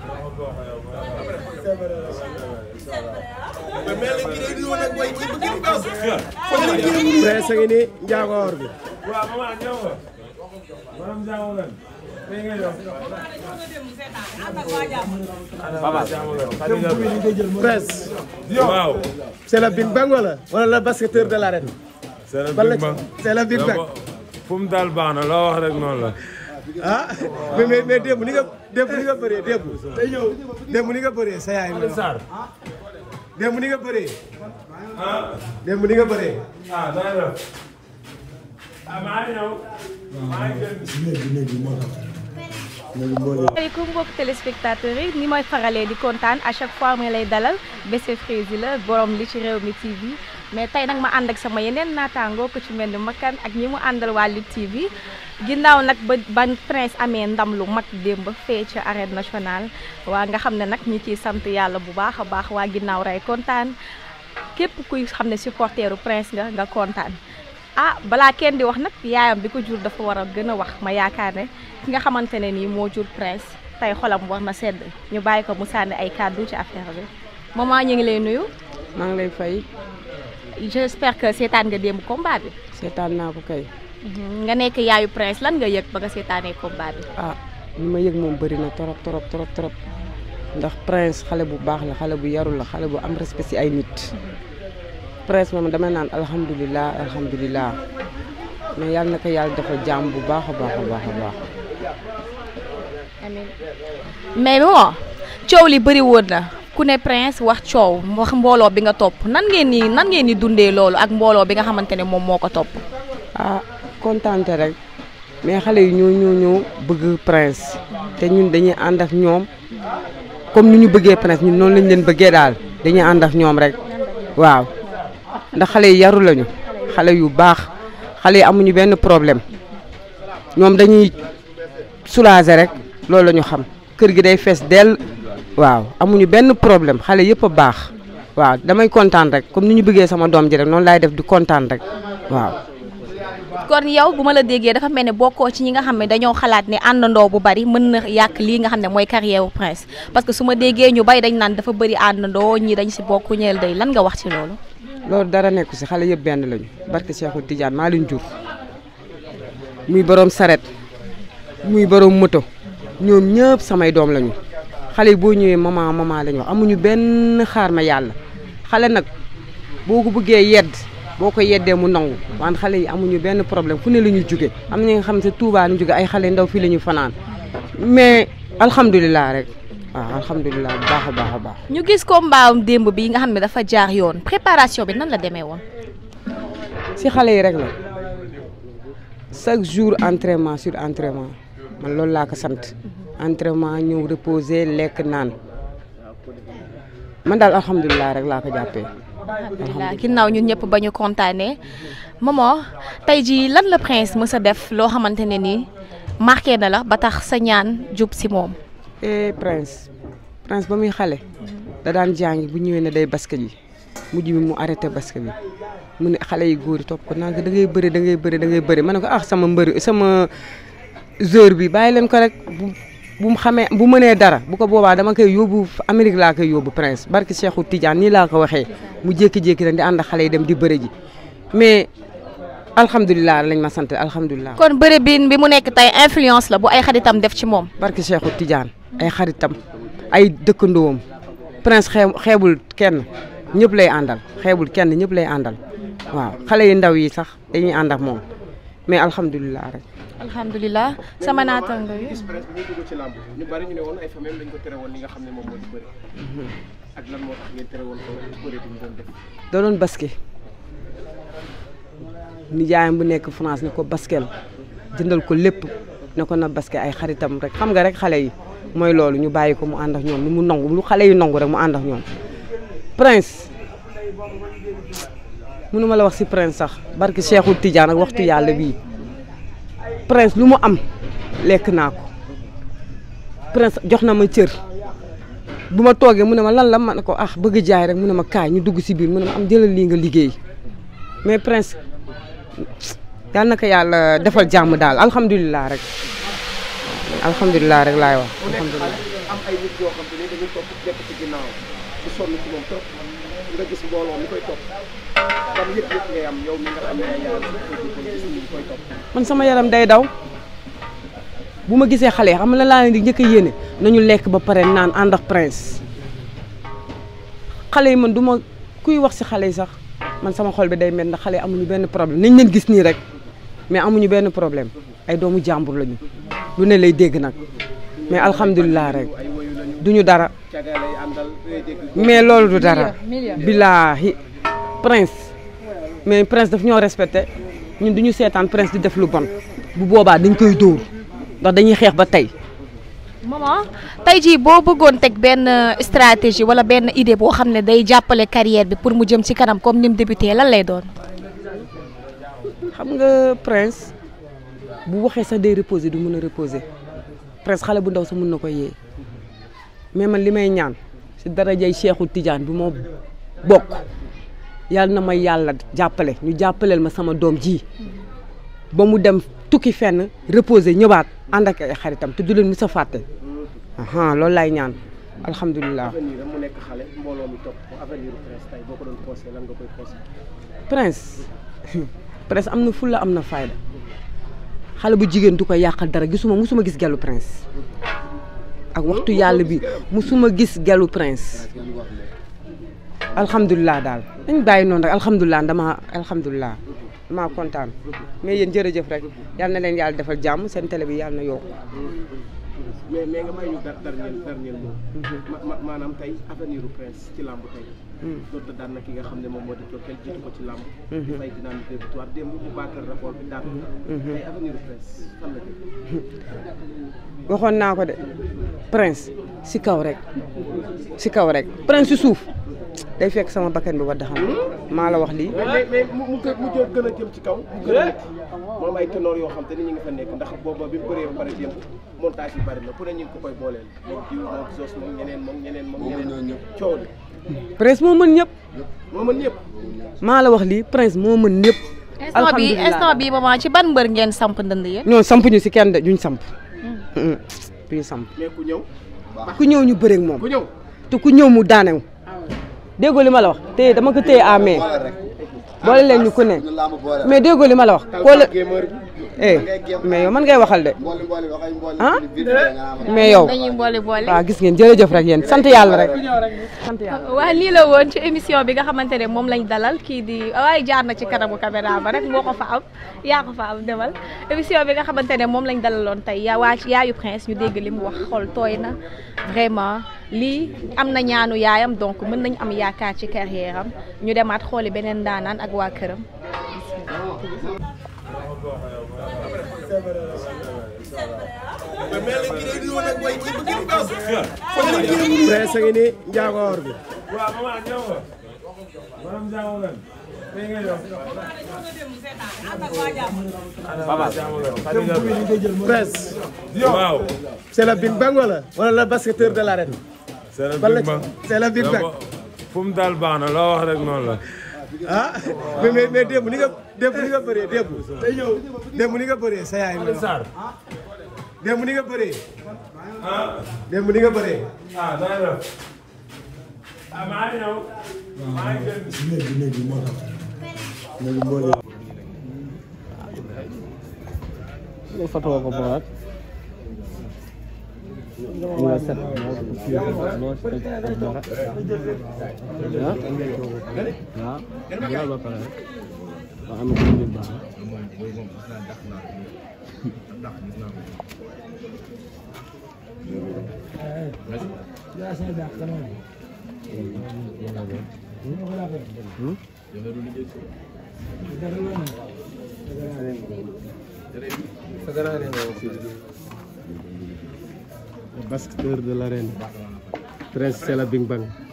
presse ngi ni njaagoor bi waaw maman ñëw nga maanaam njaagoor lan presse waaw c'est la Big Bang wala wala la basketteur de l'arène c'est la Big Bang fu mu daal baax na loo wax rek noonu la ah mais mais démb ni nga démb ni nga bëree démb. démb ni nga bëree sa yaay. démb ni nga bëree. Ah. démb ni nga bëree. ah maa ngi ah, ñëw. maa ngi gën. asalaamaaleykum mbokki téléspectateurs yi ni mooy faralee di kontaan à chaque fois ma lay dalal Bessé Frézy la borom li ci réew mi TV mais tey nag ma ànd ak sama yeneen naataangoo ko ci mel ni Makan ak ñi mu àndal waa Lutte bi ginnaaw nag ba ban prince amee ndam lu mag démb fee ci arène nationale waa nga xam ne nag ñi ciy sant yàlla bu baax a baax waa ginnaaw rey kontaan képp kuy xam ne supporteeru prince nga nga kontaan ah balaa kenn di wax nag yaayam bi ko jur dafa war a gën a wax ma yaakaar ne ki nga xamante ne nii moo jur prince tey xolam war na sedd ñu bàyyi ko mu sànni ay kàddu ci affaire bi ñu ngi lay nuyu. maa ngi lay fay. j'espère que seetaan nga démb combat bi. seetaan naa ko kay. Mhm. nga nekk yaayu prince lan nga yëg ba nga seetaanee combat bi. ah li ma yëg moom bëri na trop trop trop trop ndax prince xale bu baax la xale bu yaru la xale bu am respect ci ay nit. Mhm. prince moom dama naan alhamdulilah alhamdulilah mais yàlla na ko yàlla dafa jaam bu baax a baax a baax a baax. amiin mais bon coow li bëri na. ku ne prince wax coow wax mbooloo bi nga topp nan ngeen ni nan ngeen di dundee loolu ak mbooloo bi nga xamante ne moom moo ko topp. ah kontaante rek mais xale yi ñoo ñoo ñoo bëgg prince te ñun dañuy ànd ak ñoom comme ni ñu bëggee prince ñun noonu lañ leen bëggee daal dañuy ànd ak ñoom rek waaw ndax xale yi yaru lañu xale yu baax xale yi amuñu benn problème ñoom dañuy soulager rek loolu lañu xam kër gi day fees dell. waaw amuñu benn problème xale yëpp a baax waaw damay kontaan rek comme ni ñu bëggee sama doom ji rek noonu laay def di kontaan rek waaw. kon yow bu ma la déggee dafa mel ne bokkoo ci ñi nga xam ne dañoo xalaat ni àndandoo bu bari mën na yàq lii nga xam ne mooy carrière wu Prince parce que su ma déggee ñu bay dañ naan dafa bëri àndandoo ñii dañ si bokk ñeel day lan nga wax ci loolu. loolu dara nekku si xale yëpp benn lañu barke Cheikhou Tidiane maa leen jur muy saret muy borom moto ñoom ñëpp samay doom lañu. xale yi boo ñëwee maman maman la ñu amuñu benn xaar ma yàlla xale nag boo ko buggee yedd boo ko yeddee mu nangu waan xale yi amuñu benn problème fu ne la ñuy jóge am na nga xam ne Touba la ñu juge ay xale ndaw fii la ñu fanaan mais alhamdulilah rek waaw alhamdulilah baax a baax a baax. ñu gis ko mbaam démb bi nga xam ne dafa jaar yoon préparation bi nan la demee woon. si xale yi rek la chaque jour entraînement sur entraînement man loolu laa ko sant. entraînement ñëw reposer lekk naan man daal alhamdulilah rek laa ko jàppee. alhamdulilah ginnaaw ñun ñëpp ba ñu kontaanee maman tey jii lan la prince mës a def loo xamante ne nii marqué na la ba tax sa ñaan jub si moom. eh prince prince ba muy xale. da daan jàngi bu ñëwee ne day basket yi mu bi mu arrêté basket bi mu ne xale yi góor yi topp ko naan da ngay bëri da ngay bëri da ngay bëri ma ne ko ah sama mbër sama joueur bi bàyyi leen ko rek bu xamee bu mënee dara bu ko boobaa dama koy yóbbu Amérique laa koy yóbbu Prince barki Cheikhou Tidiane nii laa ko waxee mu jékki-jékki rek di ànd xale yi dem di bëre ji mais alhamdulilah lañ ma sant alhamdulilah. kon bëre bi mu nekk tey influence la bu ay xaritam def ci moom. barki Cheikhou tijaan ay xaritam ay dëkkandoom Prince xeebul kenn ñëpp lay àndal xeebul kenn ñëpp lay àndal waaw xale yu ndaw yi sax dañuy ànd ak moom mais alhamdulilah rek. alhamdulilah sama naataango yi. gis presse bi nga xam ne moom nijaayam bu nekk France ne ko basket jëndal ko lépp ne ko na basket ay xaritam rek xam nga rek xale yi mooy loolu ñu bàyyi ko mu ànd ak ñoom lu mu nangu lu xale yi nangu rek mu ànd ak ñoom prince. mënu la wax si prince sax barki Cheikhul Tidiane ak waxtu yàlla bii. prince lu mu am lekk naa ko prince jox na ma cër bu ma toogee mu ne ma lan la ma ne ko ah bëgg jaay rek mu ne ma kaay ñu dugg si biir mu ne ma am jëlal lii nga liggéey mais prince yal na ko yàlla defal jàmm daal alhamdulilah rek alhamdulilah rek laay wax nga gis man sama yaram day daw bu ma gisee xale yi xam la laa leen njëkk a yéene nañu lekk ba pare naan ànd ak prince xale yi man duma kuy wax si xale yi sax man sama xol bi day mel ndax xale yi amuñu benn problème nañ leen gis nii rek mais amuñu benn problème ay doomu jàmbur lañu lu ne lay dégg nag mais alhamdulilah rek duñu dara mais loolu du dara billaahi prince mais prince daf ñoo respecté ñun du ñu seetaan prince di def lu bon bu boobaa dañ koy dóor ndax dañuy xeex ba tey maman tey jii boo bëggoon teg benn euh, stratégie wala benn idée boo xam ne day jàppale carrière bi pour mu jëm ci kanam comme ni mu débuté lan lay doon xam nga prince bu waxee sax day reposer du mun a reposer prince xale bu ndaw sax mën na ko yee mais man li may ñaan si darajay Cheikhou Tidiane bi moo bokk yàlla na ma yàlla jàppale ñu jàppaleel ma sama doom ji ba mu dem tukki fenn reposer ñëwaat ànd ak ay xaritam te du leen mës a fàtte loolu laay ñaan alhamdulilah. prince prince am na fulla am na fayda xale bu jigéen du ko yàqal dara gisuma musuma gis gelu prince. ak waxtu yàlla bi musuma gis gelu prince alhamdulilah daal dañ bàyyi noonu rek alhamdulilah dama alhamdulilah dama kontaan mais yéen jërëjëf rek yal na leen yàlla defal jàmm seen télé bi yàlla na yokku. mais maanaam tey avenir u doon mm. daan na ki nga xam ne moom moo di Kokel ko ci làmb. Mm-hmm. di fay dinaa nu dégg tuwaat démb bu baaxal rapport bi daan mm-hmm. waxoon naa ko de Prince si kaw rek si kaw rek Prince si suuf. day fekk sama bakkan bi wadda xam mm-hmm. maa la wax lii. mais mais mu mu gën a jëm ci kaw. mu gën a métti eh? moom ay ténor yoo xam te ni ñu ngi fa nekk ndax booba bi mu bëree ba pare jëm montage yi bari na ku ñu ngi ko koy booleel. moom jiw moom sos moom ñeneen moom ñeneen moom ñeneen coow li prince moo mën ñëpp. moo mën ñëpp. maa la wax lii prince moo mën ñëpp. instant bi instant bi maman ci ban mbër ngeen samp ndënd yéen. ñoo samp ñu si kenn de duñ samp. Hmm. duñ samp. ku ñëw. ku ñëw ñu bëreeg moom. ku ñëw te ku ñëw mu daanew. déggoo li ma la wax téye dama ko téye amee. boole leen ñu ku ne mais déggoo li ma la wax. koo eh mais yow man ngay waxal de ah mais yow waaw ah, gis ngeen jërëjëf rek yéen sant yàlla rek sant yàlla waaw lii la woon ci émission bi nga xamante ne moom lañ dalal kii di waaye jaar na ci kanamu caméra ba rek moo ko fa am yaa ko fa am demal émission bi nga xamante ne moom lañ dalaloon tey yaa waa yaayu prince ñu dégg li mu wax xol tooy na vraiment lii am na ñaanu yaayam donc mën nañ am yaakaar ci carrière am ñu demaat xooli beneen daanaan ak waa këram presse ngi ni njaagoor bi waaw mama ñëw nga borom njaagoor lan ngay ngay dox baba presse waaw c'est la Big Bang wala wala le basketteur de l'arène c'est la Big Bang c'est la Big Bang fu mu daal baax na loo wax rek noonu la ah mais mais démb ni nga démb ni nga bëree démb. démb ni nga bëree sa yaay ma wax démb ni nga bëree. ah démb ni nga bëree. ah maa ngi rafet. ah maa ngi ñëw. maa ngi gën. léegi léegi moo tax léegi moo tax. وسط Thank you. Basqueur de l'arène Prince Sela Bing Bang